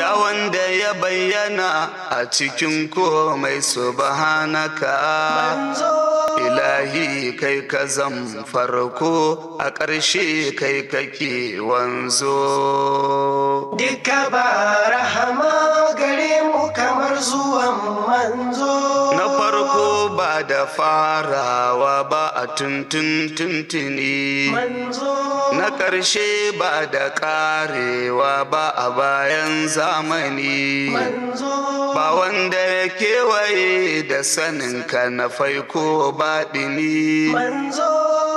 ya wanda ya bayyana a cikin komai subhanaka ilahi kai ka zan farko a ƙarshe kai kake wanzo duka ba rahama gare mu kamar zuwan manzo na farko ba da farawa ba a tuntun tuntuni na ƙarshe ba da ƙarewa ba a bayan zamani ba wanda ya kewaye da saninka na faiko baɗini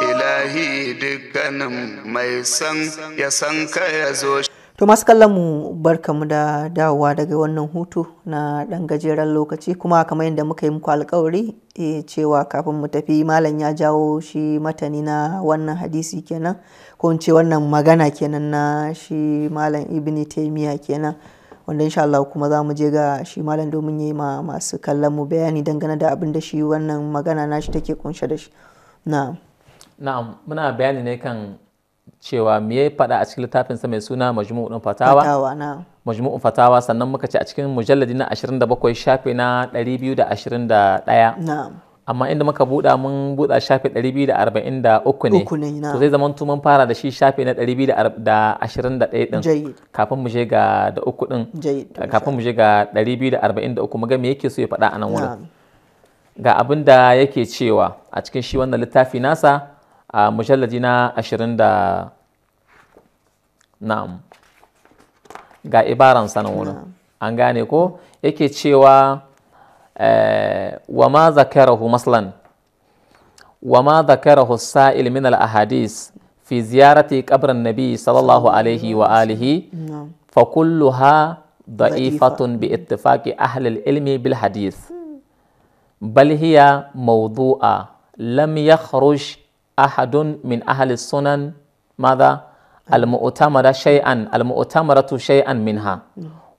ilahi dukkanin mai san ya san ka ya zo shi. To masu kallon mu barkamu da dawowa daga wannan hutu na ɗan gajeren lokaci kuma kamar yadda muka yi muku alkawari e, eh, cewa kafin mu tafi malam ya jawo shi matani na wannan hadisi kenan ko in ce wannan magana kenan na shi malam ibn taimiya kenan wanda insha Allah kuma za mu je ga shi malam domin yi ma masu kallon mu bayani dangane da abin da shi wannan magana nashi take kunshe da shi na'am na'am muna bayani ne kan cewa me ya faɗa a cikin littafin sa mai suna majmu'un fatawa majmu'un fatawa sannan muka ce a cikin mujalladi na 27 shafi na 221 amma inda muka buɗa mun buɗa shafi 243 ne to zai zama mun fara da shi shafi na 221 din kafin mu je ga da uku din kafin mu je ga 243 mu ga me yake so ya faɗa a nan wurin ga abin da yake cewa a cikin shi wannan littafi nasa a mujalladi na ashirin da na'am ga ibaran sanin wurin an gane ko yake cewa eh, wa ma zakarahu maslan wa ma zakarahu sa'il min al ahadis fi ziyarati qabrin nabi sallallahu alaihi wa alihi fa kulluha da'ifatun bi ittifaqi ahli al ilmi bil hadis, bal hiya mawdu'a lam yakhruj أحد من أهل السنن ماذا المؤتمرة شيئا المؤتمرة شيئا منها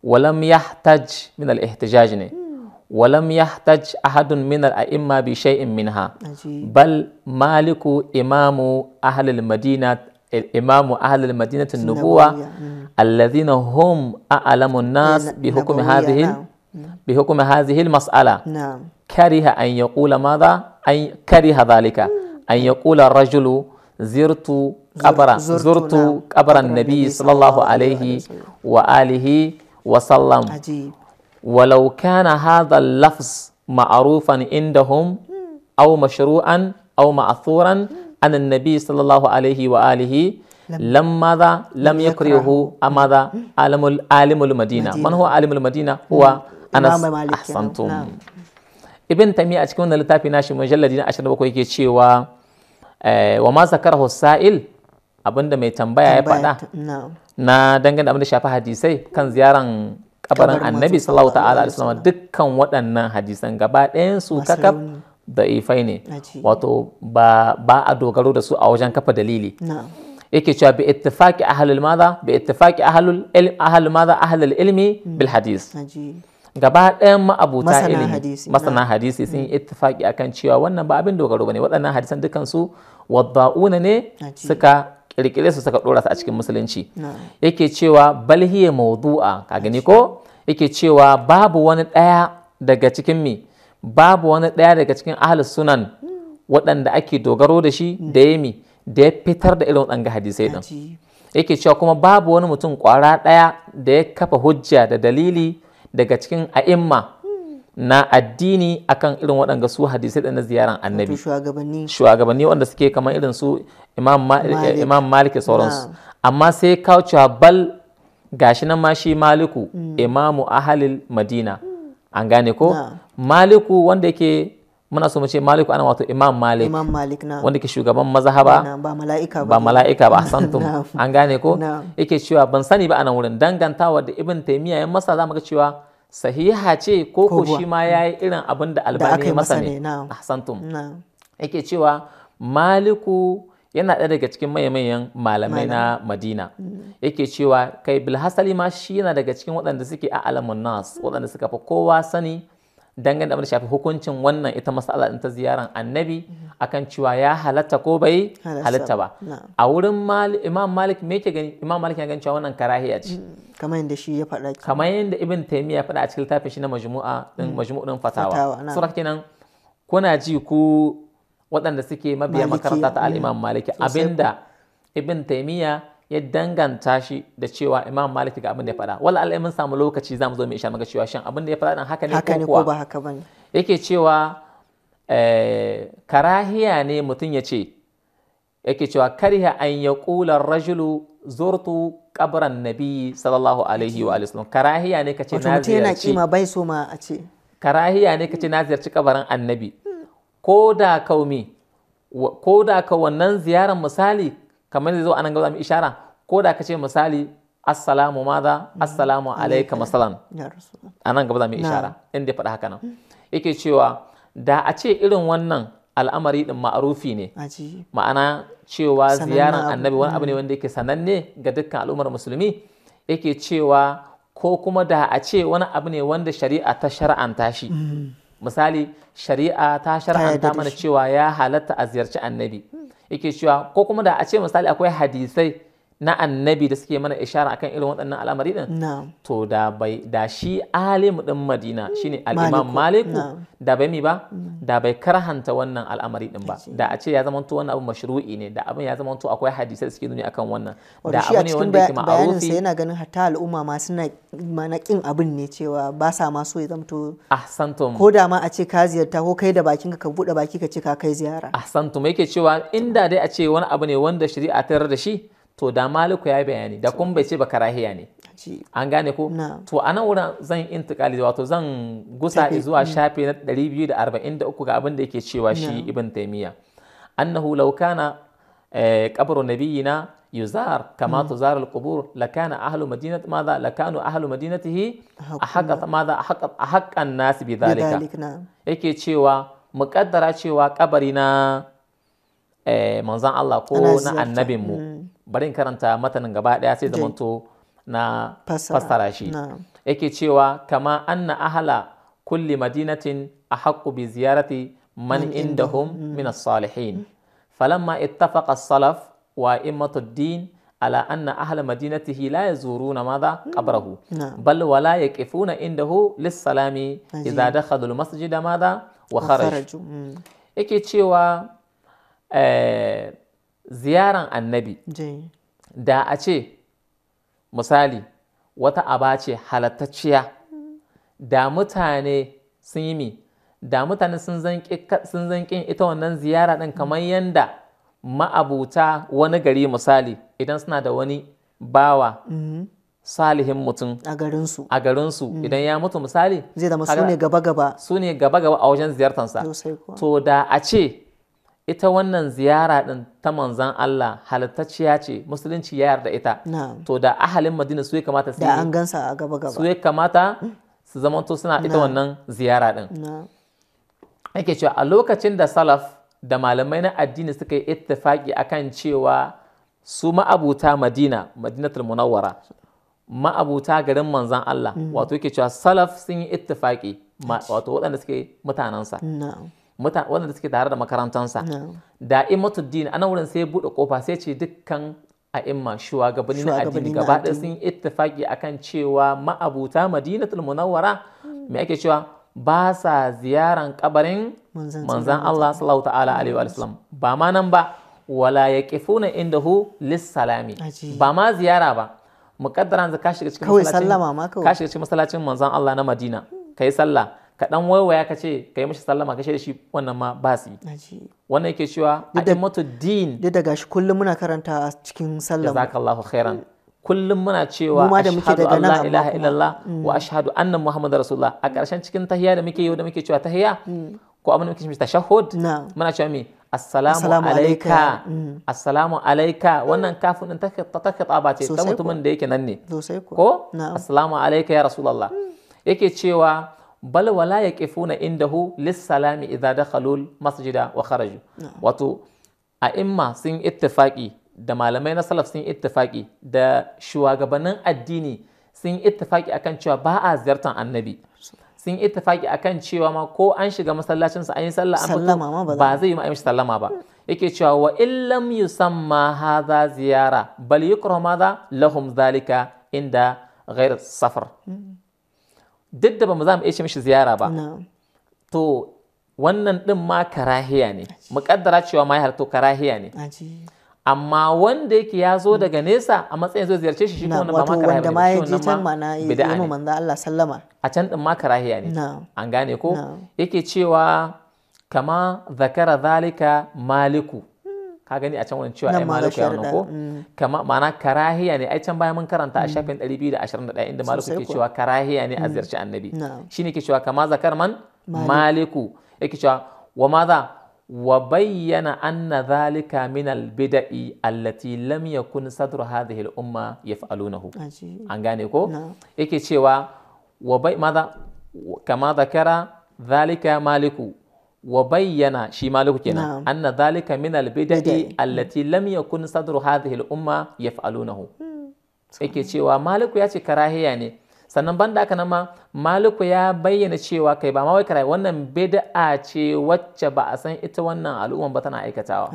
ولم يحتج من الاحتجاج ولم يحتج أحد من الأئمة بشيء منها بل مالك إمام أهل المدينة الإمام أهل المدينة النبوة الذين هم أعلم الناس بحكم هذه نعم. بحكم هذه المسألة نعم. كره أن يقول ماذا أن كره ذلك an yaqula rajulu zirtu qabra zurtu qabran nabi sallallahu alaihi wa alihi wa sallam walau kana hadha al-lafz ma'rufan indahum aw mashru'an aw ma'thuran an an-nabi sallallahu alaihi wa alihi lamma za lam yakrihu amada alimul alimul madina man huwa alimul madina ibn tamiya a cikin wannan littafi nashi mujalladi na 27 yake cewa eh, wa ma zakarahu sa'il abinda mai tambaya ya faɗa na dangane abinda shafi hadisai kan ziyaran kabarin annabi sallallahu ta'ala alaihi wasallam dukkan waɗannan hadisan gaba ɗayan su da ifai ne wato ba a dogaro da su a wajen kafa dalili yake cewa bi ittifaqi ahlul madha bi ittifaqi ahlul ilm ahlul madha ahlul ilmi mm. bil hadis gaba ɗayan ma'abuta ilimi masana hadisi sun yi mm. ittifaki akan cewa wannan ba abin dogaro bane waɗannan hadisan dukansu wadda'una ne suka kirkire su suka dora su a cikin musulunci yake cewa balhiya mawdu'a ka gani ko yake cewa babu wani ɗaya daga cikin mi babu wani ɗaya daga cikin ahlus sunan waɗanda ake dogaro da shi mm. da ya mi da ya fitar da irin waɗanga hadisai din yake cewa kuma babu wani mutum ƙwara ɗaya da ya kafa hujja da dalili daga cikin a'imma na addini akan irin waɗanda su hadisai da na ziyaran annabi shugabanni wanda suke kamar irin su imam eh, maliki sauransu amma sai kawo cewa bal gashi nan ma shi maliku mm. imamu ahalil madina an gane ko maliku wanda yake muna so mu ce maliku ana wato imam malik imam malik na wanda ke shugaban mazhaba ba mala'ika ba ba mala'ika ba an gane ko yake cewa ban sani ba anan wurin dangantawa da ibn taymiya ya masa zamu ga cewa sahiha ce ko ko shi ma yayi irin abin da albani masa ne ahsantum yake cewa maliku yana ɗaya daga cikin manyan malamai na madina mm. yake cewa kai bilhassali ma shi yana daga cikin waɗanda suke a alamun nas waɗanda suka fi kowa sani dangane da abin da shafi hukuncin wannan ita masala ta ziyaran annabi akan cewa ya halatta ko bai halatta ba a wurin imam malik me ke gani imam malik ya gani cewa wannan karahiya ce mm, kamar yadda shi ya faɗa kamar yadda ibn taymiya ya faɗa a cikin littafin shi na majmu'a din mm. majmu'a din fatawa sura kenan kuna ji ku waɗanda suke mabiya makaranta ta al-imam mm. maliki abinda ibn taymiya ya danganta shi da cewa imam malik ga abin da ya faɗa wala alai mun samu lokaci za mu zo mu isha maka cewa shin abin da ya faɗa dan haka ne haka ne ko ba haka bane yake cewa eh, karahiya ne mutum ya ce yake cewa kariha an ya ƙular rajulu zurtu kabran nabi sallallahu alaihi wa sallam karahiya ne kace na ziyarci yana kima bai so ma a ce karahiya ne kace na ziyarci kabarin annabi ko da kaumi ko da ka wannan ziyarar misali kamar zai zo anan ga mu ishara ko da kace misali assalamu maza, assalamu mm. alaikum masalan anan gaba mu ishara inda ya faɗa haka nan mm. yake cewa da a ce irin wannan al'amari din ma'arufi ne ma'ana cewa ziyaran annabi wani abu ne mm. wanda yake sananne ga dukkan al'ummar musulmi yake cewa ko kuma da a ce wani abu ne wanda shari'a ta shara'anta shi misali shari'a ta shar'anta mana cewa ya halatta a ziyarci annabi yake cewa ko kuma da a ce misali akwai hadisai na annabi da suke mana ishara akan irin waɗannan al'amari din to da bai da shi alimu din madina shine al-imam maliku da bai mi ba da bai karhanta wannan al'amari din ba da a ce ya zama to wannan abu mashru'i ne da abin ya zama to akwai hadisai da suke nuni akan wannan da abu ne wanda yake ma'arufi yana ganin hatta al'umma ma suna mana kin abin ne cewa ba sa ma so ya zama to ahsantum ko da ma a ce ka ziyarta ko kai da bakin ka bude baki ka ce ka kai ziyara ahsantum yake cewa inda dai a ce wani abu ne wanda shari'a ta da shi to da maliku ya bayani da kuma bai ce ba karahiya ne an gane ko to a nan wurin zan intikali wato zan gusa zuwa mm. shafe na 243 ga abin da yake cewa shi ibn taimiyya. annahu law kana eh, qabru nabiyina yuzar kama mm. tuzar al-qubur lakana ahlu madinati madha lakanu ahlu madinatihi ahaqqa madha ahaqqa an-nas bidhalika yake cewa muqaddara cewa kabari na eh, manzan Allah ko na annabin mu mm. barin karanta matanin gaba daya sai zamanto na fassara shi yake cewa kama anna ahala kulli madinatin haƙƙu bi ziyarati man indahum min as-salihin falamma ittafaqa as-salaf wa immatu din ala anna ahla madinatihi la yazuruna madha hmm. qabrahu bal wala yaqifuna indahu lis-salami idza dakhalu al masjid madha wa kharaju hmm. yake cewa eh, ziyaran annabi da a ce misali wata aba ce halattacciya da mutane sun yi mi da mutane sun zanƙin ita wannan ziyara ɗin kamar yadda ma'abuta wani gari misali idan suna da wani bawa mm-hmm. salihin mutum a garinsu mm. idan ya mutu misali zai da su ne gaba gaba su ne gaba gaba a wajen ziyartarsa to da a ce ita wannan ziyara din ta manzan Allah halittacciya ce musulunci ya yarda ita to da ahalin madina su ya kamata su an gansa a gaba gaba su ya kamata su zamanto suna ita wannan ziyara din yake cewa a lokacin da salaf da malamai na addini suka yi ittifaki akan cewa su ma'abuta madina madinatul munawwara ma'abuta garin manzan Allah mm. wato yake cewa salaf sun yi ittifaki wato waɗanda suke mutanensa mutane wanda suke tare da makarantansa da imatuddin ana wurin sai buɗe kofa sai ce dukkan a imma shugabanni na addini gaba ɗaya sun ittifaki akan cewa ma'abuta madinatul munawwara mm. me ake cewa ba sa ziyaran kabarin manzan Allah sallallahu ta'ala alaihi wa sallam ba ma nan ba wala yaqifuna indahu lissalami ba ma ziyara ba muqaddaran ka shiga cikin masallacin ka shiga cikin masallacin manzan Allah na Madina kai sallah ka dan waiwaya ka ce ka yi mishi sallama ka da shi wannan ma ba su yi wannan yake cewa a'immatu din da daga shi kullum muna karanta a cikin sallama jazakallahu khairan kullum muna cewa a shahadu Allah ilaha illallah wa mm. ashhadu anna muhammadar rasulullah a ƙarshen cikin tahiya da muke yau da muke cewa tahiya mm. ko abin da muke cewa tashahhud muna cewa me assalamu alaika assalamu alaika mm. wannan kafin din ta ba ce ta mutumin da yake nan ne ko assalamu alaika ya rasulullah yake cewa bal wala na indahu lis-salami idza dakhalu masjida wa kharaju wato a'imma sun ittifaqi da malamai na salaf sun ittifaqi da shugabannin addini sun ittifaqi akan cewa ba a ziyartar annabi sun ittifaqi akan cewa ma ko an shiga masallacinsa an yi sallah an ba zai yi mishi sallama ba yake cewa wa illam yusamma hadha ziyara bal maza madha lahum zalika inda ghayr safar duk da ba mu za mu iya mishi ziyara ba to wannan ɗin ma karahiya ne muƙaddara cewa ma ya harto karahiya ne amma wanda yake ya zo daga nesa a matsayin zo ziyarce shi shi kuma ba ma karahiya ma ya je can ma na yi Allah sallama a can din ma karahiya ne an gane ko yake cewa kama zakara zalika maliku ka gani a can wurin cewa ai maluku ya nuko ko mm. kama ma'ana karahiya ne ai can bayan mun karanta a mm. shafin 221 inda maluku ke cewa karahiya ne a mm. ziyarci annabi shine ke cewa kama zakar man maliku yake cewa wa maza wa bayyana anna zalika min albida'i allati lam yakun sadru hadhihi al-umma yaf'alunahu an gane ko yake cewa wa bai maza kama zakara zalika maliku wa bayyana shi maliku kenan anna zalika min albidai allati lam yakun sadru hadhihi al-umma yaf'alunahu hmm. yake cewa maliku ya ce karahiya ne sannan banda haka nan ma maliku ya bayyana cewa kai ba ma wai karahiya wannan bid'a ce wacce ba a san ita wannan al'umma ba tana aikatawa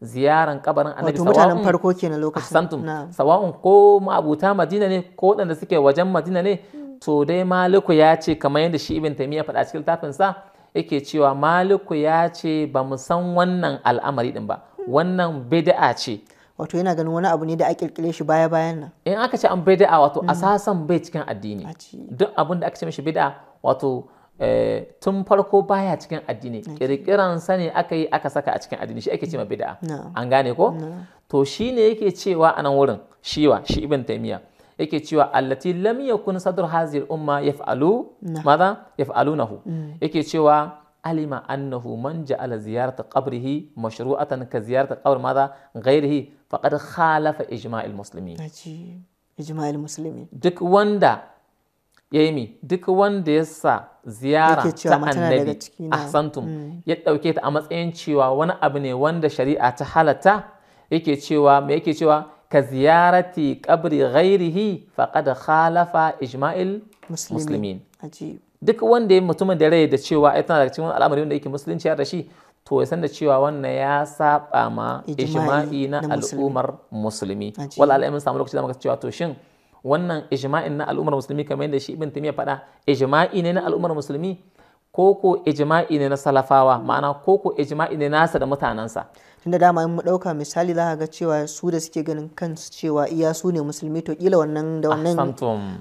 ziyaran kabarin annabi sawa'un mutanen farko kenan lokacin sawa'un ko ma'abuta madina ne ko waɗanda suke wajen madina ne hmm. to dai maliku ya ce kamar yadda shi ibn taymiya faɗa cikin littafin sa yake cewa maliku ya ce ba mu san wannan al'amari din ba wannan bid'a ce wato yana ganin wani abu ne da a kirkire shi baya bayan nan in aka ce an bid'a wato mm. asasan bai cikin addini duk abin da aka ce mishi bid'a wato eh, tun farko baya cikin addini kirkiran sa aka yi aka saka a cikin addini shi ake ce ma bid'a an gane ko to shine yake cewa a nan wurin shiwa shi ibn taymiya yake cewa allati lam yakun sadr hazil umma yaf'alu madha yaf'alunahu mm. yake cewa alima annahu man ja'ala ziyarata qabrihi mashru'atan ka ziyarata qabr madha ghairihi faqad khalafa ijma'il muslimin ijma'il muslimin duk wanda yayi duk wanda ya sa ziyara ta annabi ahsantum mm. ya dauke ta a matsayin cewa wani abu ne wanda shari'a ta halatta yake cewa me yake cewa ka ziyarati qabri ghairihi faqad khalafa ijma'il muslimin duk wanda ya mutumin da rai da cewa ai tana daga cikin al'amari wanda yake musulunci da shi to ya san da cewa wannan ya saba ma ijma'i na al'ummar musulmi wal al'amin samu lokaci da muka cewa to shin wannan ijma'in na al'ummar musulmi kamar yadda shi ibn timiya faɗa ijma'i ne na al'ummar musulmi Koko ijma'i ne na salafawa ma'ana koko ijma'i ne nasa da mutanensa tunda dama in mu dauka misali za ga cewa su da suke ganin kansu cewa iya su ne musulmi to kila wannan da wannan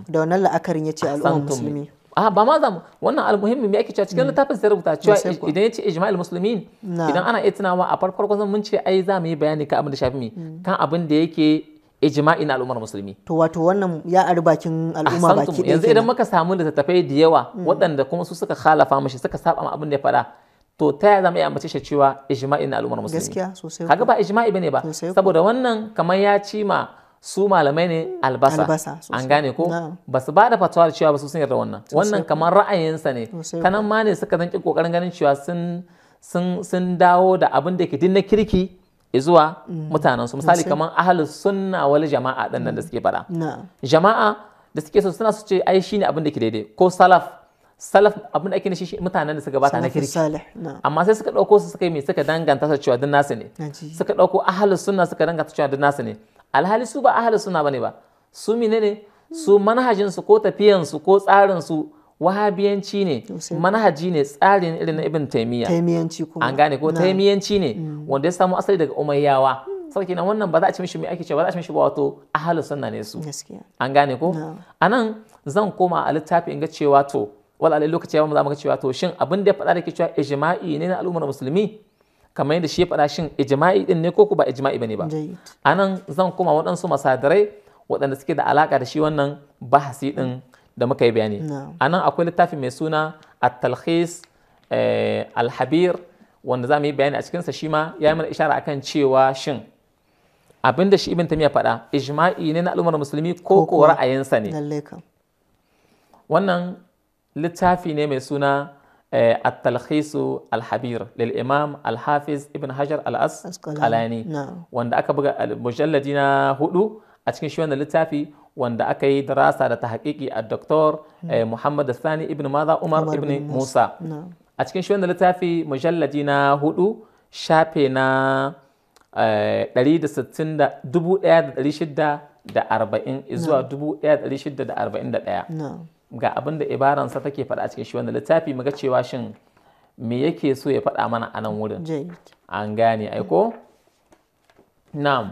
da wannan la'akarin yace al'umma musulmi a ah, ba ma zamu wannan almuhimmi me yake cewa cikin mm. littafin sai rubuta cewa idan yace ijma'il muslimin idan ana iya a farkon mun ce ai za mu yi bayani ka abin da shafi mi mm. kan abin da yake ijma'in al'ummar musulmi to wato wannan ya ari bakin al'umma baki ɗaya yanzu idan muka samu littattafai da yawa mm. waɗanda kuma su suka khalafa mashi suka saba ma abin da ya faɗa to ta ya zama ya ambace shi cewa ijma'in al'ummar musulmi gaskiya sosai kaga ba ijma'i bane ba saboda wannan kamar ya ci ma su malamai ne albasa an gane ko ba su ba da fatawa da cewa ba su sun yarda wannan wannan kamar ra'ayinsa ne ta nan ma ne suka zanki kokarin ganin cewa sun sun dawo da abin da ke din na kirki izuwa mm. mutanen su misali kamar ahlus sunna wal jama'a din nan da mm. suke faɗa jama'a da suke so suna su ce ai shine abin da ke daidai ko salaf salaf abin da ake nishi mutanen da suka bata na kirki amma sai suka dauko su suka yi mai suka danganta su cewa din nasu ne suka dauko ahlus sunna suka danganta cewa din nasu ne alhali su ba ahlus sunna bane ba su menene su manhajin su ko tafiyan su ko tsarin su wahabiyanci ne manhaji ne tsarin irin na ibn taimiyya taimiyanci kuma an gane ko taimiyanci ne mm. wanda ya samu asali daga umayyawa mm. sarki na wannan ba za a ci mishi mai ake ce ba za a ci mishi ba wato ahalu sunna ne su an gane ko anan zan koma a littafi in ga cewa to wala alai lokaci ya za mu ga cewa to shin abin da ya faɗa da ke cewa ijma'i ne na al'ummar musulmi kamar yadda shi ya faɗa shin ijma'i din ne ko ba ijma'i bane ba anan zan koma waɗansu masadarai waɗanda suke da alaka da shi wannan bahasi din da muka yi bayani a nan akwai littafi mai suna at-talkhis eh, al-habir wanda za mu yi bayani a cikinsa shi ma ya yi mana ishara akan cewa shin abin da shi ibn tamiya faɗa ijma'i ne na al'ummar musulmi ko ko ra'ayinsa ne wannan littafi ne mai suna التلخيص الحبير للإمام الحافظ Hajar حجر الأسقلاني wanda aka buga mujalladi na hudu a cikin shi wannan littafi wanda aka yi darasa da ta haƙiƙi a Dr. Hmm. Eh, Muhammad Sani ibn Maza Umar ibn Musa. A cikin shi wanda littafi mujallaji na hudu shafe na 1640 zuwa 1641 ga abin da ibaransa take faɗa a cikin shi wanda littafi muga cewa shin me yake so ya faɗa mana a nan wurin an gane aiko hmm. na'am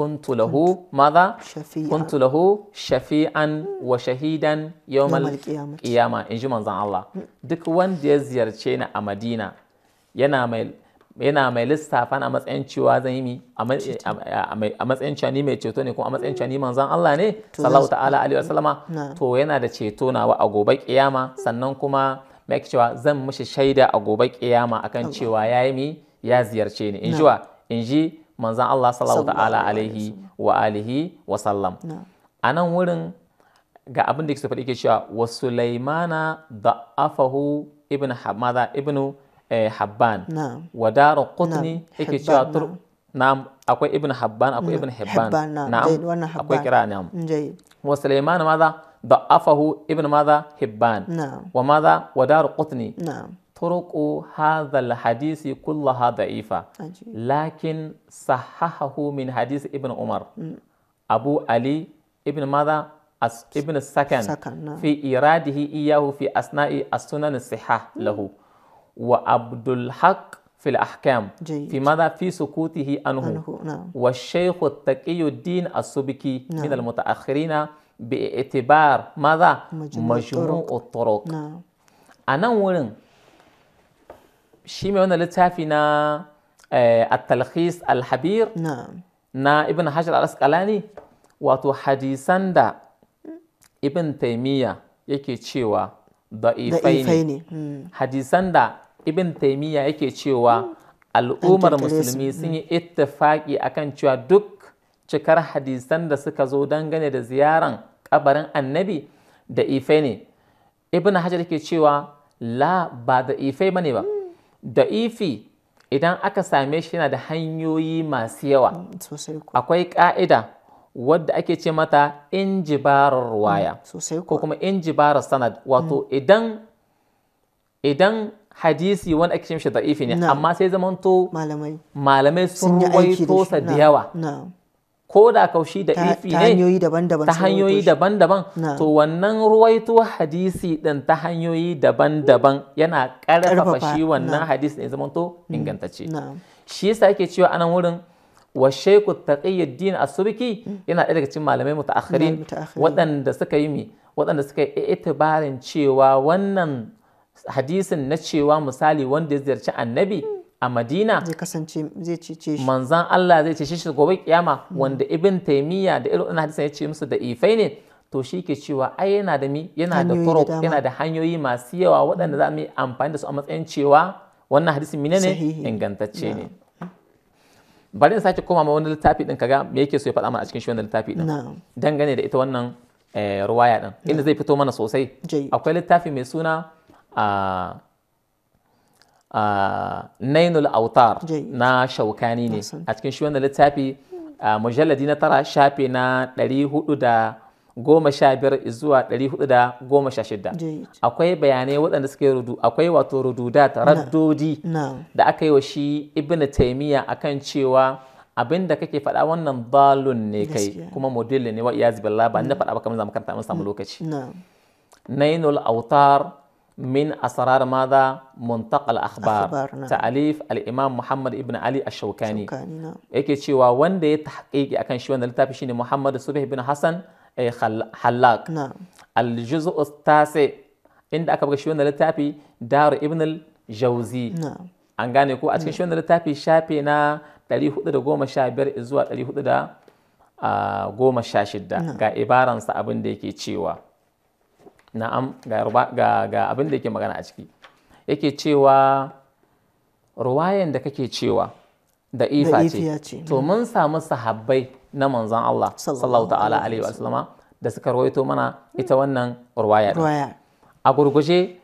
kuntu lahu madha kuntu lahu shafi'an wa shahidan yawmal qiyama in ji manzon Allah mm. duk wanda ya ziyarce ni a Madina yana mai yana mai a matsayin cewa zan yi a matsayin cewa ni mai ceto ne kuma a matsayin mm. cewa ni manzon Allah ne sallallahu ta'ala alaihi wasallama to yana da ceto nawa a gobe kiyama sannan kuma mai cewa zan mishi shaida a gobe kiyama akan cewa yayi mi ya ziyarce ni in ji wa in ji manzan Allah sallallahu ta'ala alaihi wa alihi wa sallam a nan wurin ga abin da yake faɗi ke cewa wa sulaimana da afahu ibn hamada ibn eh, habban wa daru qutni yake cewa na akwai ibn habban akwai ibn hibban na akwai kira na'am wa sulaimana maza da afahu ibn maza hibban wa maza wa daru qutni طرق هذا الحديث كلها ضعيفة لكن صححه من حديث ابن عمر أبو علي ابن ماذا ابن السكن نعم. في إراده إياه في أثناء السنن الصحة له وعبد الحق في الأحكام جيد. في ماذا في سكوته أنه, عنه. نعم. والشيخ التقي الدين السبكي نعم. من المتأخرين باعتبار ماذا مجموع الطرق نعم. أنا ورن shi mai wannan littafi na eh, at-talkhis na ibn hajar al-asqalani wato hadisan da ibn taimiyya yake cewa da'ifai ne hmm. hadisan da ibn taimiyya yake cewa al'ummar musulmi sun yi hmm. ittifaki akan cewa duk cikar hadisan da suka zo dangane da ziyaran ƙabarin annabi da ifai ne ibn hajar yake cewa la ba da ifai bane ba Da ifi idan aka same shi yana da hanyoyi masu yawa mm, akwai ka'ida wadda ake ce mata injibarar ruwaya mm, ko kuma injibarar sanad mm. wato idan idan hadisi wani ake ce mishi ifi ne amma sai zamanto malamai sun ruwaito sa da yawa ko da kaushi da ifi ne ta hanyoyi daban-daban to wannan ruwaito hadisi ɗin ta hanyoyi daban-daban yana karfafa shi wannan hadisi ne zamanto mm. ingantacce shi yasa yake cewa anan wurin wa sheku taqiyuddin as mm. yana ɗaya daga cikin malamai mutaakhirin waɗanda suka yi mi waɗanda suka yi itibarin cewa wannan hadisin na cewa misali wanda ya ziyarci annabi mm. a Madina zai kasance zai cece shi manzan Allah zai cece shi gobe kiyama hmm. wanda Ibn taimiyya da irin wannan hadisin ya ce musu da ifai ne to shi ke cewa ai yana da mi yana da yana da hanyoyi masu yawa waɗanda za mu yi amfani da su a matsayin cewa wannan hadisin mine ne ingantacce ne bari in sake koma ma wani littafi din kaga me yake so ya faɗa mana a cikin shi wannan littafi din dangane da ita wannan eh, ruwaya din inda zai fito mana sosai akwai littafi mai suna a ah, nainul autar na shaukani ne a cikin shi wannan littafi mujalladi na tara shafe na 415 zuwa 416 akwai bayanai waɗanda suke rudu akwai wato rududat raddodi da aka yi wa shi ibn taimiyya akan cewa abin da kake faɗa wannan balon ne kai kuma model ne wa iyazi billah ba da faɗa ba kamar zamu karanta mun lokaci nainul autar من أسرار ماذا منطق الأخبار أخبار نعم. تعليف الإمام محمد ابن علي الشوكاني شوكاني نعم yake cewa wanda ya tahqiqi akan shi wannan littafi shine Muhammad Subih ibn Hassan Hallaq na'am al-juz'u tasi inda aka buga shi wannan littafi Dar ibn al-Jawzi na'am an gane ko a cikin shi wannan littafi shafe na 415 zuwa 416 ga ibaransa abin da yake cewa na'am ga ga ga abin da yake magana a ciki yake cewa ruwayan da kake cewa da ifa ce to mun samu sahabbai na manzon Allah sallallahu ta'ala alaihi wasallama da suka rawaito mana ita wannan ruwaya a gurguje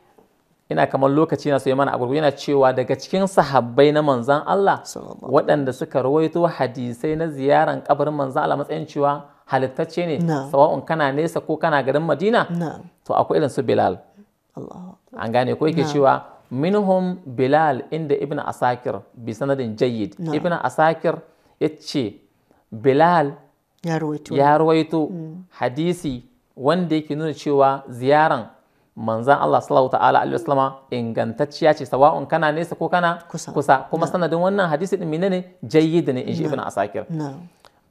ina kamar lokaci na so mana a gurguje yana cewa daga cikin sahabbai na manzon Allah waɗanda suka rawaito hadisai na ziyaran kabarin manzon Allah matsayin cewa halittacce ne sawa'un kana nesa ko kana garin madina to akwai irin su bilal an gane ko yake cewa minhum bilal inda ibn asakir bi sanadin jayyid ibn asakir yace bilal ya ruwaito mm. hadisi wanda yake nuna cewa ziyaran manzan Allah sallallahu ta'ala alaihi wasallama ingantacciya ce sawa'un kana nesa ko kana kusa kuma sanadin wannan hadisi din menene jayyid ne inji ibn asakir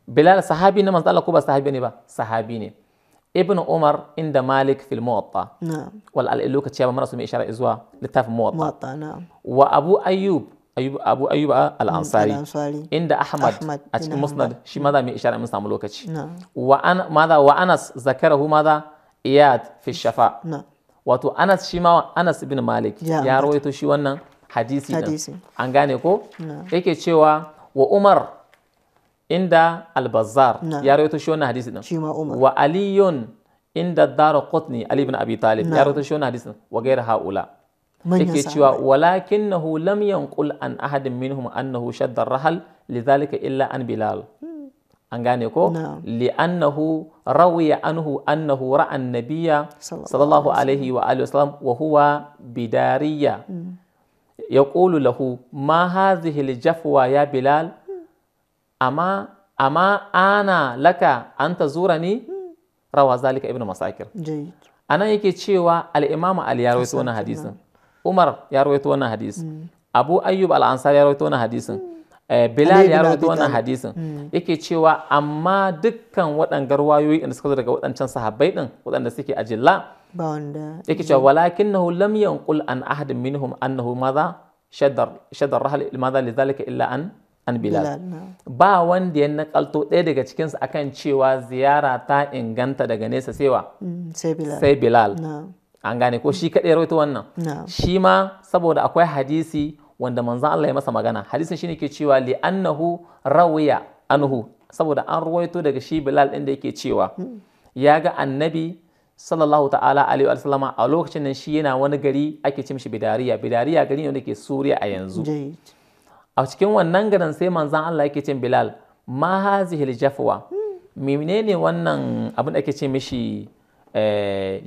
bilal sahabi ne manzo Allah ko ba sahabi ne ba sahabi ne ibn umar inda malik fil muwatta wal al lokaci ya marasu mai ishara zuwa littafin muwatta wa abu ayyub abu ayyub al ansari inda ahmad a cikin musnad shi maza mai ishara mun samu lokaci wa an maza wa anas zakarahu maza iyad fi shafa wato anas shi ma anas ibn malik ya rawaito shi wannan hadisi an gane ko yake cewa wa umar inda al-bazzar ya rawaito shi wannan hadisi din wa aliyun inda dara qutni ali ibn abi talib ya rawaito shi wannan hadisi wa gaira haula yake cewa walakinahu lam yanqul an ahadin minhum annahu shadda rahal lidhalika illa an bilal hmm. an gane ko li'annahu rawiya anhu annahu ra'a nabiyya sallallahu alaihi wa alihi wasallam wa huwa bidariya hmm. yaqulu lahu ma hadhihi al-jafwa ya bilal amma amma ana laka an ta zura ni rawa zalika ibnu masakir anan yake cewa al-imamu ali ya rawaito wannan hadisin umar ya rawaito wannan hadisin hmm. abu ayyub al-ansari ya rawaito wannan hadisin hmm. eh, Bilal ya rubuta wannan hadisin hmm. yake cewa amma dukkan waɗangar wayoyi da suka zo daga waɗancan sahabbai ɗin waɗanda suke a jilla yake cewa walakin nahu lam yanqul an ahadin minhum annahu maza shadar shadar rahal maza lidhalika illa an an bilal ba wanda ya nakalto ɗaya daga cikinsu akan cewa ziyara ta inganta daga nesa sewa mm, sai bilal an gane ko shi kaɗai rawaito wannan shi ma saboda akwai hadisi wanda manzan Allah ya masa magana hadisin ne ke cewa li annahu rawiya anhu saboda an ruwaito daga shi bilal ɗin da yake cewa mm. ya ga annabi sallallahu ta'ala alaihi wa sallama a lokacin nan shi yana wani gari ake cimshi shi bidariya bidariya gari ne wanda ke suriya a yanzu a cikin wannan garin sai manzan Allah yake cin Bilal ma hazihil jafwa menene wannan abin da ake ce mishi eh,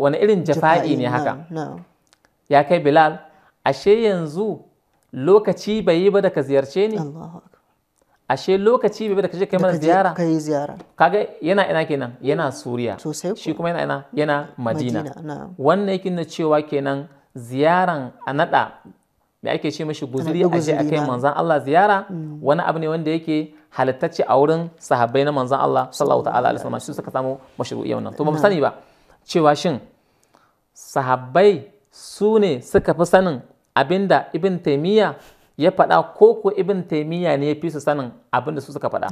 wani irin jafa'i ne haka ya kai Bilal ashe yanzu lokaci bai yi ba da ka ziyarce ni ashe lokaci bai ba da ka je kai mana ziyara kai ziyara kaga yana ina kenan yana Suriya shi kuma yana ina yana Madina wannan yake nuna cewa kenan ziyaran a nada me ake ce mashi guzuri a je a kai manzan Allah ziyara mm. wani abu ne wanda yake halittacce a wurin sahabbai na manzan Allah sallallahu ta'ala alaihi wasallam shi suka samu mashru'iyya wannan to ba mu sani ba cewa shin sahabbai su ne suka fi sanin abinda ibn taymiya ya faɗa ko ko Ibin taymiya ne ya fi su sanin abinda su suka faɗa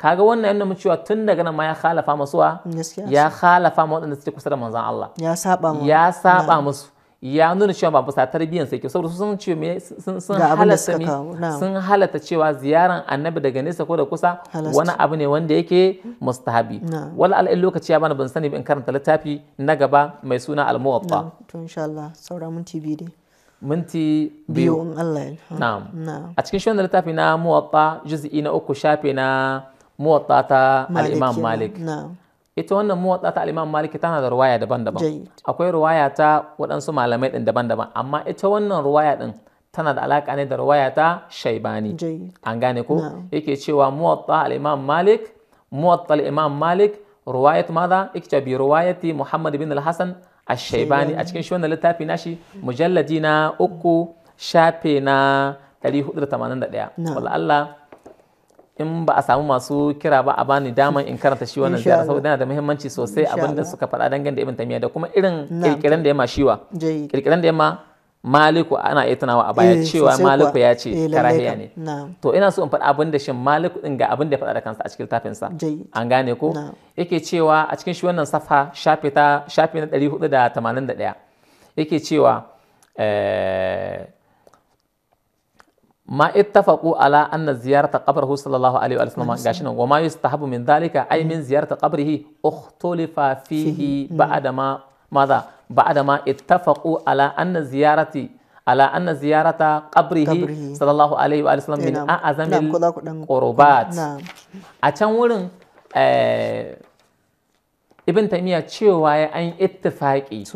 kaga wannan yana mu cewa tun daga nan ma ya khalafa masuwa ya khalafa ma waɗanda suke kusa da manzan Allah ya saba musu ya nuna cewa ba bisa tarbiyyar sai kyau saboda sun ce me sun halatta cewa ziyaran annabi daga nesa ko da kusa wani abu ne wanda yake mustahabi wala al'in lokaci ya bana ban sani in karanta littafi na gaba mai suna al-muwatta to insha Allah saura minti biyu dai minti biyu in Allah ya na'am a cikin shi wannan littafi na muwatta juz'i na uku shafe na muwatta ta al-imam malik na'am ita wannan muwatsa ta al-Imam Malik tana da ruwaya daban-daban akwai ruwaya ta waɗansu malamai din daban-daban amma ita wannan ruwaya ɗin tana da alaka ne da ruwaya ta Shaibani an gane ko yake cewa muwatta al Malik muwatta imam Malik ruwayat madha ikta bi ruwayati Muhammad bin al-Hasan ash-Shaibani a cikin shi wannan littafi nashi mujalladi na uku shafe na 481 wallahi Allah in ba a samu masu kira ba a bani daman in karanta shi wannan ziyara saboda yana da muhimmanci sosai abin da suka faɗa dangane da ibn tamiya da kuma irin kirkiran da ya ma shiwa kirkiran da ya ma maliku ana iya tunawa a baya eh, cewa maliku ya ce eh, karahiya ne to ina so in faɗa abin da shin maliku din ga abin da ya faɗa da kansa a cikin sa an gane ko yake cewa a cikin shi wannan safa shafi ta shafi na 481 yake cewa eh, ma ittafaqu ala anna ziyarata qabrihi sallallahu alaihi wa sallam gashi nan wa ma yustahabu min dhalika ay min ziyarata qabrihi ukhtulifa fihi hmm. ba'da ma ماذا بعدما اتفقوا على أن ala على ziyarata زيارة قبره alaihi wa عليه وآله وسلم من a القربات أتان ورن Ibn Taymiya cewa ya an ittifaki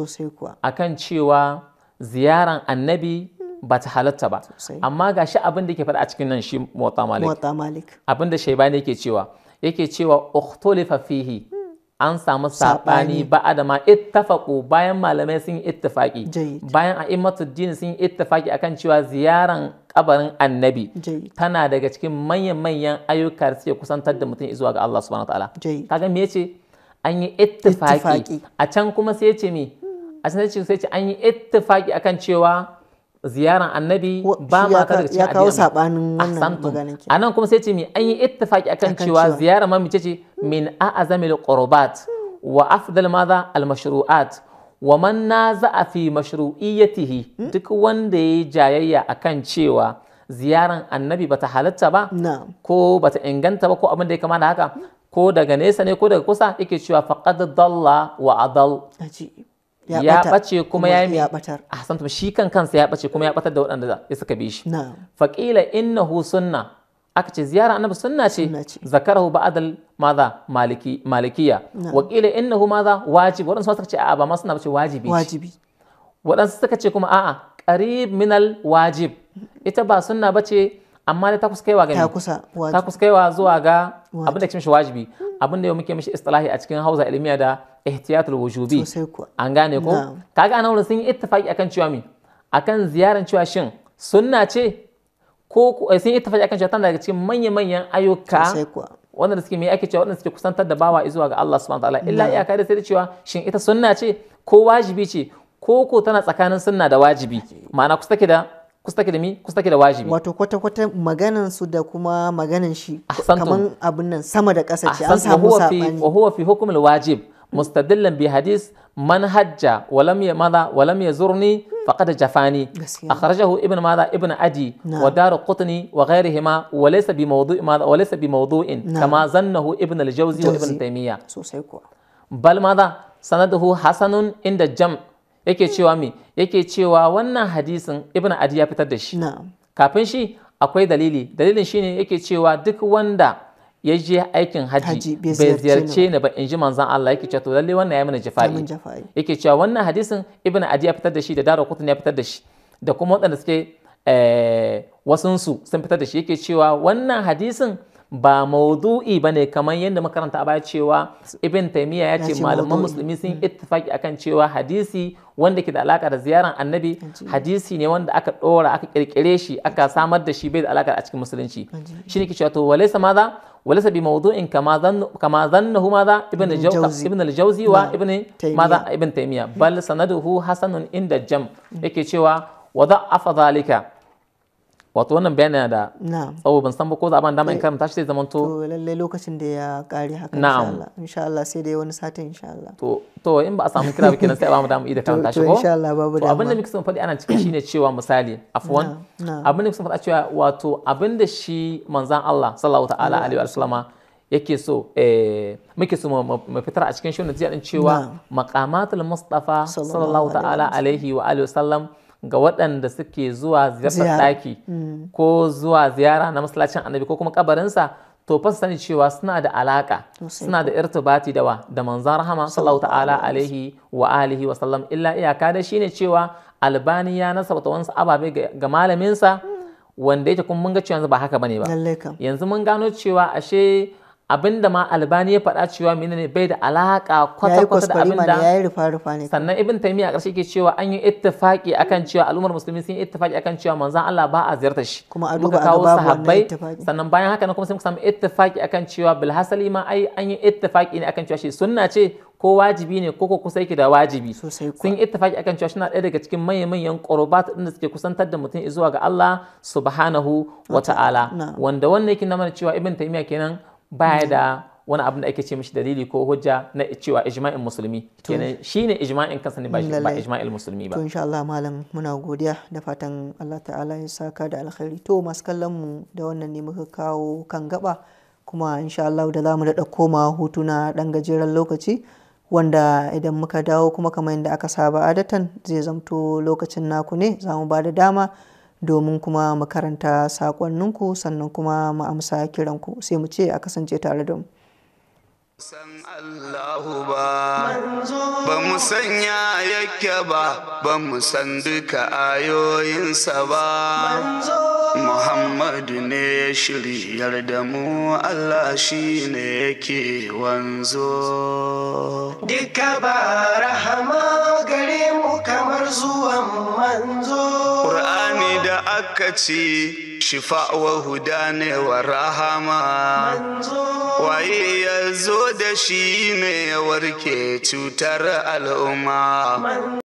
akan cewa ziyaran annabi ba ta halatta ba amma ga shi abin da ke faɗa a cikin nan shi mota malik abin da ne yake cewa yake cewa ukhtulifa fihi an samu saɓani ba adama ittafaqu bayan malamai sun yi ittifaqi bayan a'immatu din sun yi ittifaqi akan cewa ziyaran kabarin annabi tana daga cikin manyan manyan ayyuka da suke kusantar da mutum zuwa ga Allah subhanahu wataala kaga me yace an yi ittifaqi a can kuma sai yace me a can sai ce an yi ittifaqi akan cewa ziyaran annabi ba ma ka daga cikin ya kawo sabanin wannan maganin ki anan kuma sai ce mi an yi ittifaki akan cewa ma mu ce min a'zamil qurbat wa afdal madha al mashru'at wa man naza'a fi mashru'iyyatihi hmm? duk wanda yayi jayayya akan cewa ziyaran annabi bata halatta ba ko bata inganta ba ko abin da ya kama da haka ko daga nesa ne ko daga kusa yake cewa faqad dalla wa adal ya bace kuma ya yi ahsantum shi kan kansa ya bace kuma ya batar da waɗanda ya suka bi shi faƙila hu sunna aka ce ziyara annabi sunna ce zakarahu ba'dal maza maliki malikiya waƙila innahu maza wajibi waɗansu suka ce a'a ba ma suna bace wajibi wajibi waɗansu suka ce kuma a'a qarib minal wajib ita ba sunna ba ce amma ta kusa kaiwa gani ta kusa zuwa ga abin da ke mishi wajibi hmm. abin da yau muke mishi istilahi a cikin hausa ilmiya da ihtiyatul wujubi an gane ko kaga anan wurin sun yi ittifaki akan cewa me akan ziyaran cewa shin sunna ce ko sun yi ittifaki akan cewa tana daga cikin manya-manyan ayyuka wanda suke me ake cewa wanda suke kusantar da bawa zuwa ga Allah subhanahu ta'ala illa iyaka da sai da cewa shin ita sunna ce ko wajibi ce ko ko tana tsakanin sunna da wajibi ma'ana kusa take da kusa da mi kusa da wajibi wato kwata kwata maganan su da kuma maganan shi kaman abin nan sama da ƙasa ce an samu sabani wa huwa fi hukmul wajib mustadillan bi hadis man hajja walam ya maza walam ya zurni faqad jafani akhrajahu ibn maza ibn adi wa daru qutni wa ghayrihima wa laysa bi mawdu'in wa laysa bi mawdu'in kama zannahu ibn al wa ibn sosai bal inda jam' yake cewa me yake cewa wannan hadisin ibn adi ya fitar da shi kafin shi akwai dalili dalilin shine yake cewa duk wanda ya je aikin haji bai ziyarce ni ba in ji manzan Allah yake cewa to lalle wannan ya mana jafa'i yake cewa wannan hadisin ibn adi fitar da shi da dara kutun ya fitar da shi da kuma waɗanda suke eh, wasunsu sun fitar da shi yake cewa wannan hadisin ba maudu'i bane kamar yadda makaranta a baya cewa ibn taymiya ya ce malaman musulmi sun hmm. ittifaki akan cewa hadisi wanda ke da alaka da ziyaran annabi hadisi ne wanda aka dora aka kirkire shi aka samar da shi bai da alaka a cikin musulunci shine ke cewa to walaysa maza وليس بموضوع كما ظن كما ظنه ماذا ابن الجوزي ابن الجوزي وابن ماذا ابن تيميه بل سنده حسن عند الجم yake cewa وضعف ذلك wato wannan bayani da tsawo ban san ba ko zaɓen dama in eh, karanta shi zai zama to to lalle lokacin da ya kare haka insha Allah insha Allah sai dai wani satin insha Allah to to in ba a samu kira ba kenan sai a bamu dama idan karanta shi ko to insha Allah babu dama abin da muke son faɗi ana cikin shine cewa misali afwan abin da muke son faɗa cewa wato abin da shi manzon Allah sallallahu ta'ala alaihi wa sallama yake so eh, muke so mu fitar a cikin shirin da cewa maqamatul mustafa sallallahu ta'ala alaihi wa alihi wa sallam ga waɗanda suke zuwa ziyartar ɗaki mm. ko zuwa ziyara na masallacin annabi ko kuma kabarinsa to fa sani cewa suna da alaka suna da irtibati da wa da manzan rahama sallallahu ta'ala alaihi wa alihi wa sallam illa iyaka da shine cewa albani ya nasabta wasu ababe ga malaminsa mm. wanda yake kuma mun ga cewa ba haka bane ba yanzu mun gano cewa ashe abinda ma albani ya faɗa cewa ne bai da alaka kwata kwata da da. yayi rufa rufa ne sannan ibn taymiya karshe ke cewa an yi ittifaqi akan cewa al'ummar musulmi sun yi ittifaqi akan cewa manzon Allah ba a ziyartar shi kuma a duba kawo sahabbai sannan bayan haka kuma sai muka samu ittifaqi akan cewa bil hasali ma ai an yi ittifaqi ne akan cewa shi sunna ce ko wajibi ne ko kusa yake da wajibi sun ittifaki akan cewa suna ɗaya daga cikin manyan manyan qurbat din da suke kusantar da mutum zuwa ga Allah subhanahu wata'ala wanda wannan yake nuna cewa ibn taymiya kenan baya mm. da wani abin da ake ce mishi dalili ko hujja na cewa ijma'in musulmi kenan ne ijma'in kansa ne ba ijma'il musulmi ba to insha Allah malam muna godiya da fatan Allah ta'ala ya saka da alkhairi to masu kallon mu da wannan ne muka kawo kan gaba kuma insha Allah da zamu daɗa koma hutu na ɗan gajeren lokaci wanda idan muka dawo kuma kamar yadda aka saba adatan zai zamto lokacin naku ne zamu ba da dama domin kuma mu karanta saƙonninku sannan kuma mu amsa kiranku sai mu ce a kasance tare da mu. san Allahu ba, ba mu sanya yake ba, ba mu san duka ayoyinsa ba. Muhammadu ne shiryar da mu Allah shi ne yake wanzo. Duka ba rahama gare mu kamar zuwan manzo. aka ce shifa wa huda ne wa rahama waye ya zo da shi mai warke cutar al'umma